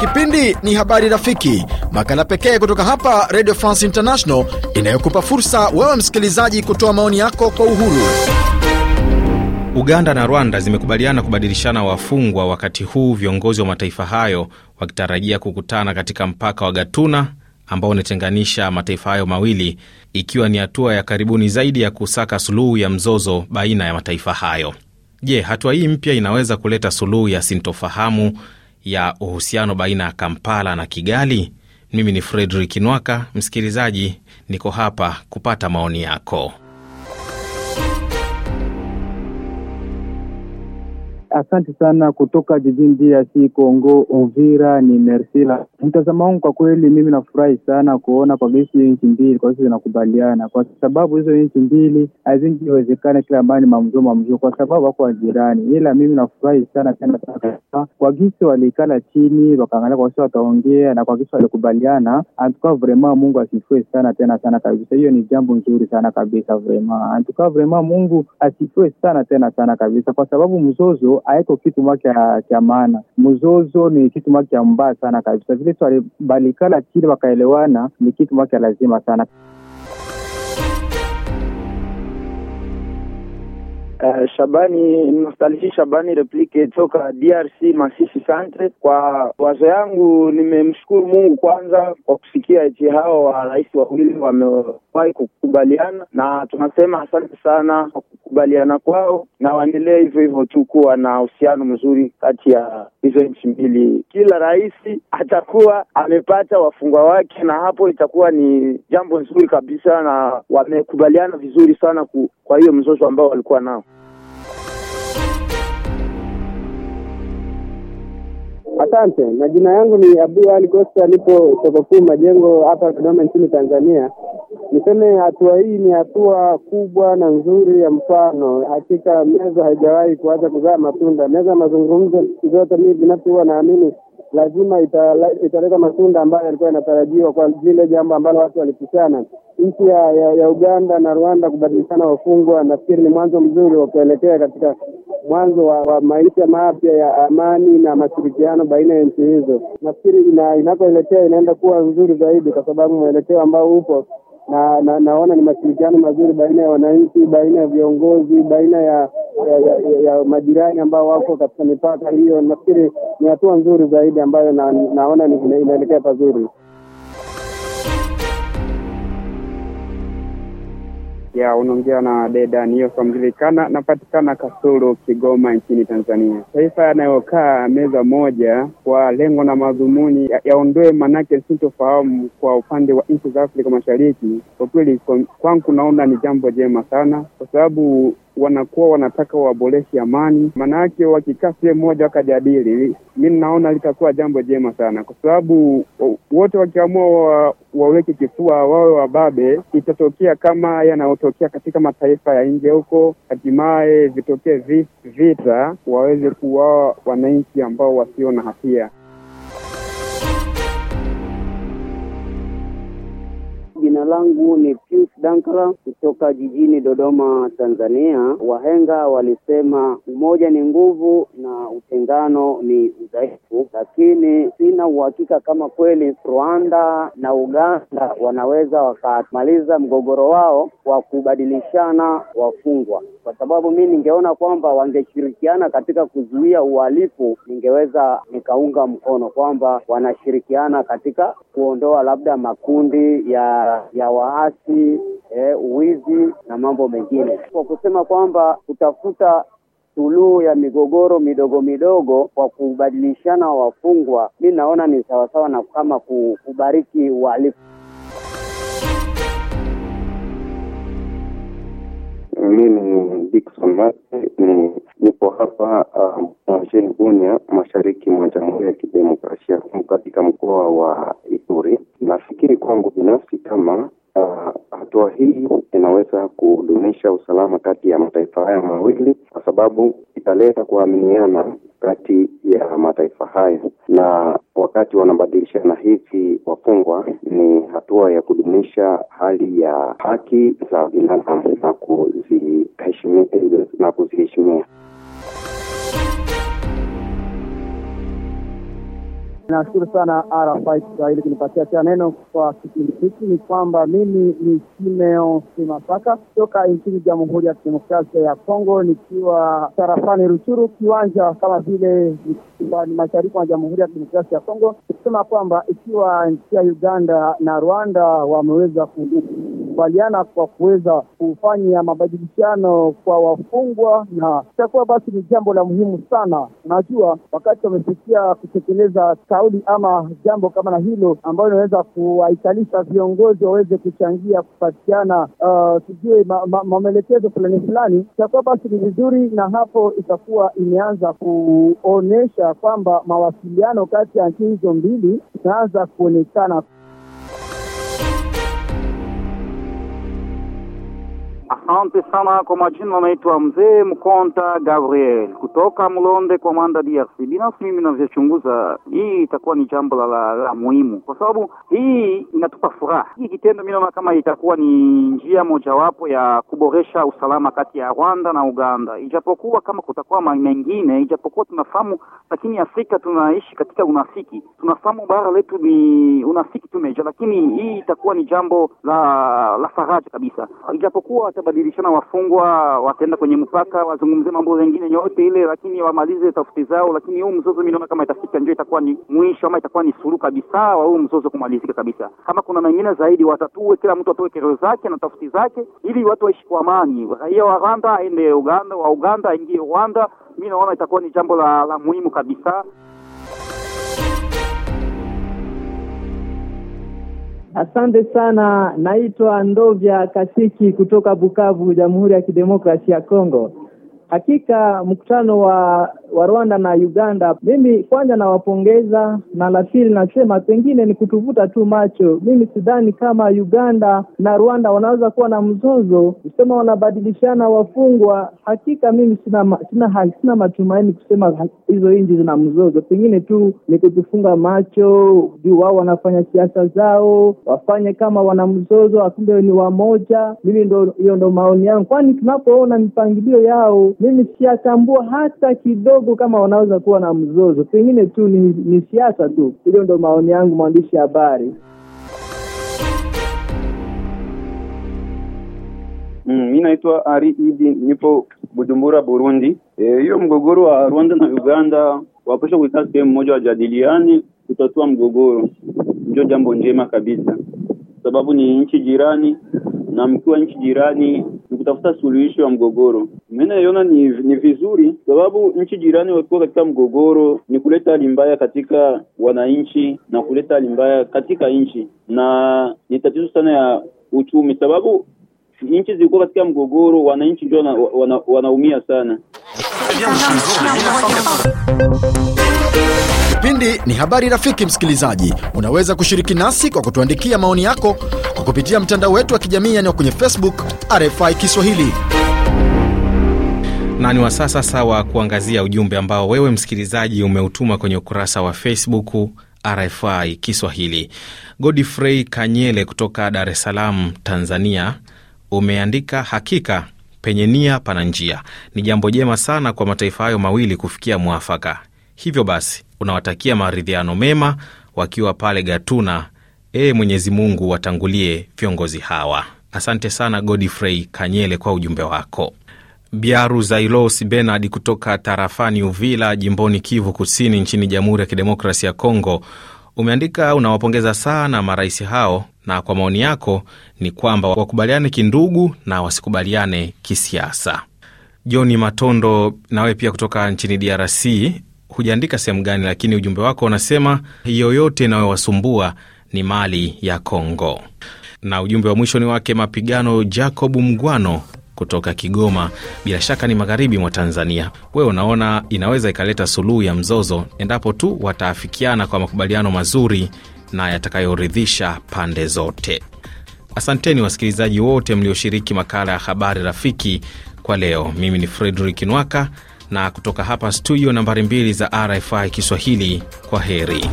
Kipindi ni Habari Rafiki, makala pekee kutoka hapa Radio France International inayokupa fursa wewe msikilizaji kutoa maoni yako kwa uhuru. Uganda na Rwanda zimekubaliana kubadilishana wafungwa, wakati huu viongozi wa mataifa hayo wakitarajia kukutana katika mpaka wa Gatuna ambao unatenganisha mataifa hayo mawili, ikiwa ni hatua ya karibuni zaidi ya kusaka suluhu ya mzozo baina ya mataifa hayo. Je, hatua hii mpya inaweza kuleta suluhu ya sintofahamu ya uhusiano baina ya Kampala na Kigali? Mimi ni Fredrik Nwaka. Msikilizaji, niko hapa kupata maoni yako. Asante sana kutoka jijini DRC Congo, Uvira ni Mersila. Mtazamo wangu kwa kweli, mimi nafurahi sana kuona kwa gesi nchi mbili kwa sisi zinakubaliana, kwa sababu hizo nchi mbili hazingewezekana kila ambayo ni mamzoo mamzoo, kwa sababu wako wajirani. Ila mimi nafurahi sana tena kwa gesi walikala chini wakaangalia kwa sisi wataongea na kwa gesi walikubaliana. Antuka vraiment Mungu asifue sana tena sana kabisa, hiyo ni jambo nzuri sana kabisa vraiment. Antuka vraiment Mungu asifue sana tena sana kabisa, kwa sababu mzozo haiko kitu mwake cha maana. Mzozo ni kitu mwake kya mbaya sana kabisa, vile tu balikala chini wakaelewana, ni kitu mwake lazima sana. Uh, Shabani Nostalgie Shabani replique toka DRC Masisi Centre. Kwa wazo yangu, nimemshukuru Mungu kwanza kwa kusikia eti hao wa rais wawili wamewahi kukubaliana, na tunasema asante sana kubaliana kwao na waendelee hivyo hivyo tu kuwa na uhusiano mzuri kati ya hizo nchi mbili. Kila rais atakuwa amepata wafungwa wake, na hapo itakuwa ni jambo nzuri kabisa, na wamekubaliana vizuri sana ku, kwa hiyo mzozo ambao walikuwa nao. Asante, majina yangu ni Abu Ali kosta nipo soko kuu Majengo hapa Dodoma nchini Tanzania. Niseme hatua hii ni hatua kubwa na nzuri ya mfano. Hakika meza haijawahi kuacha kuzaa matunda. Meza ya mazungumzo zote, mii binafsi huwa naamini lazima italeta matunda ambayo yalikuwa yanatarajiwa kwa vile jambo ambalo watu walipishana. Nchi ya, ya, ya Uganda na Rwanda kubadilishana wafungwa, nafikiri ni mwanzo mzuri wa kuelekea katika mwanzo wa, wa maisha mapya ya amani na mashirikiano baina ya nchi hizo. Nafikiri inakoelekea inaenda kuwa nzuri zaidi, kwa sababu mwelekeo ambao upo na, na naona ni mashirikiano mazuri baina ya wananchi, baina ya viongozi, baina ya ya, ya, ya majirani ambao wako katika mipaka hiyo. Nafikiri ni hatua nzuri zaidi ambayo na, naona inaelekea pazuri. ya unaongea na Deda Niofa Mjulikana, napatikana Kasulu, Kigoma nchini Tanzania. Taifa yanayokaa meza moja kwa lengo na madhumuni yaondoe ya manake sintofahamu kwa upande wa nchi za Afrika Mashariki, kwa kweli kwangu naona ni jambo jema sana, kwa sababu wanakuwa wanataka waboreshe amani, maanake wakikaa sehemu moja wakajadili, mi naona litakuwa jambo jema sana, kwa sababu wote wakiamua wa, waweke kifua wawe wababe, itatokea kama yanayotokea katika mataifa ya nje huko, hatimaye vitokee vita, waweze kuwawa wananchi ambao wasio na hatia. Jina langu ni Pius Dankala kutoka jijini Dodoma, Tanzania. Wahenga walisema umoja ni nguvu na utengano ni udhaifu, lakini sina uhakika kama kweli Rwanda na Uganda wanaweza wakamaliza mgogoro wao wa kubadilishana wafungwa kwa sababu mi ningeona kwamba wangeshirikiana katika kuzuia uhalifu, ningeweza nikaunga mkono kwamba wanashirikiana katika kuondoa labda makundi ya ya waasi eh, uwizi na mambo mengine, kwa kusema kwamba kutafuta suluhu ya migogoro midogo midogo kwa kubadilishana wafungwa, mi naona ni sawasawa na kama kubariki uhalifu. Mimi Dickson Mate ni nipo hapa uh, Mjini Bunia, mashariki mwa Jamhuri ya Kidemokrasia katika mkoa wa Ituri. Nafikiri kwangu binafsi kama uh, hatua hii inaweza kudumisha usalama kati ya mataifa haya mawili, kwa sababu italeta kuaminiana kati ya mataifa hayo na wakati wanabadilishana hivi wafungwa, ni hatua ya kudumisha hali ya haki za binadamu na kuziheshimia. Nashukuru sana RFI Kiswahili kunipatia tena neno kwa kipindi hiki. Ni kwamba mimi ni Simeo Simasaka kutoka nchini Jamhuri ya Kidemokrasia ya Kongo, nikiwa tarafani Ruchuru, kiwanja kama vile ni mashariki mwa Jamhuri ya Kidemokrasia ya Kongo, nikisema kwamba ikiwa nchi ya Uganda na Rwanda wameweza kukubaliana kwa kuweza kufanya mabadilishano kwa wafungwa, na itakuwa basi ni jambo la muhimu sana. Unajua, wakati wamefikia kutekeleza kauli ama jambo kama na hilo ambayo inaweza kuwaikalisha viongozi waweze kuchangia kupatiana, uh, sijui mamelekezo ma, ma fulani fulani, itakuwa basi ni vizuri, na hapo itakuwa imeanza kuonyesha kwamba mawasiliano kati ya nchi hizo mbili inaanza kuonekana. Asante sana kwa majina, naitwa mzee Mkonta Gabriel kutoka Mlonde kwa manda DRC. Binafsi mimi navyochunguza, hii itakuwa ni jambo la, la, la muhimu kwa sababu hii inatupa furaha. Hii kitendo mimi naona kama itakuwa ni njia mojawapo ya kuboresha usalama kati ya Rwanda na Uganda, ijapokuwa kama kutakuwa mengine, ijapokuwa tunafahamu, lakini Afrika tunaishi katika unafiki, tunafahamu bara letu ni unafiki tumeja, lakini hii itakuwa ni jambo la, la faraja kabisa, ijapokuwa watabadilishana wafungwa, wataenda kwenye mpaka, wazungumzie mambo mengine yote ile, lakini wamalize tafiti zao. Lakini huu mzozo mimi naona kama itafika ndio itakuwa ni mwisho ama itakuwa ni suluhu kabisa wa huu mzozo kumalizika kabisa. Kama kuna mengine zaidi watatue, kila mtu atoe kero zake na tafiti zake, ili watu waishi kwa amani. Raia wa Rwanda aende Uganda, wa Uganda aingie Rwanda. Mimi naona itakuwa ni jambo la, la muhimu kabisa. Asante sana, naitwa Ndovya Kasiki kutoka Bukavu, Jamhuri ya Kidemokrasia ya Kongo. Hakika mkutano wa, wa Rwanda na Uganda, mimi kwanza nawapongeza, na la pili nasema pengine ni kutuvuta tu macho. Mimi sidhani kama Uganda na Rwanda wanaweza kuwa na mzozo, kusema wanabadilishana wafungwa. Hakika mimi sina, sina, sina matumaini kusema hizo nchi zina mzozo, pengine tu ni kutufunga macho juu wao wanafanya siasa zao, wafanye kama wana mzozo, akumbe ni wamoja. Mimi ndo hiyo ndo maoni yangu, kwani tunapoona mipangilio yao mimi siyatambua hata kidogo kama wanaweza kuwa na mzozo, pengine tu ni, ni siasa tu. hiyo ndo maoni yangu, mwandishi habari. Mm, mi naitwa Ari Idi, nipo Bujumbura, Burundi. E, hiyo e, mgogoro wa Rwanda na Uganda wapasha kuikaa sehemu moja, wajadiliani kutatua mgogoro, ndio jambo njema kabisa, sababu ni nchi jirani, na mkiwa nchi jirani ni kutafuta suluhisho ya mgogoro. Mimi naiona ni, ni vizuri sababu nchi jirani walikuwa katika mgogoro, ni kuleta hali mbaya katika wananchi na kuleta hali mbaya katika nchi, na ni tatizo sana ya uchumi sababu nchi zilikuwa katika mgogoro, wananchi ndio wanaumia wana, wana sana. Kipindi ni habari. Rafiki msikilizaji, unaweza kushiriki nasi kwa kutuandikia maoni yako kwa kupitia mtandao wetu wa kijamii, yani kwenye Facebook RFI Kiswahili na ni wasaa sasa wa kuangazia ujumbe ambao wewe msikilizaji umeutuma kwenye ukurasa wa Facebook RFI Kiswahili. Godfrey Kanyele kutoka Dar es Salaam, Tanzania, umeandika hakika penye nia pana njia. Ni jambo jema sana kwa mataifa hayo mawili kufikia mwafaka. Hivyo basi, unawatakia maridhiano mema wakiwa pale Gatuna. Ee Mwenyezi Mungu, watangulie viongozi hawa. Asante sana Godfrey Kanyele kwa ujumbe wako biaru Zailos Benard kutoka tarafani Uvila, jimboni Kivu Kusini, nchini Jamhuri ya Kidemokrasi ya Kongo, umeandika unawapongeza sana marais hao, na kwa maoni yako ni kwamba wakubaliane kindugu na wasikubaliane kisiasa. John Matondo, nawe pia kutoka nchini DRC, hujaandika sehemu gani, lakini ujumbe wako unasema yoyote inayowasumbua ni mali ya Kongo. Na ujumbe wa mwisho ni wake Mapigano Jacob Mgwano kutoka Kigoma, bila shaka ni magharibi mwa Tanzania. Wewe unaona inaweza ikaleta suluhu ya mzozo endapo tu wataafikiana kwa makubaliano mazuri na yatakayoridhisha pande zote. Asanteni wasikilizaji wote mlioshiriki makala ya habari rafiki kwa leo. Mimi ni Fredrik Nwaka na kutoka hapa studio nambari mbili za RFI Kiswahili, kwa heri.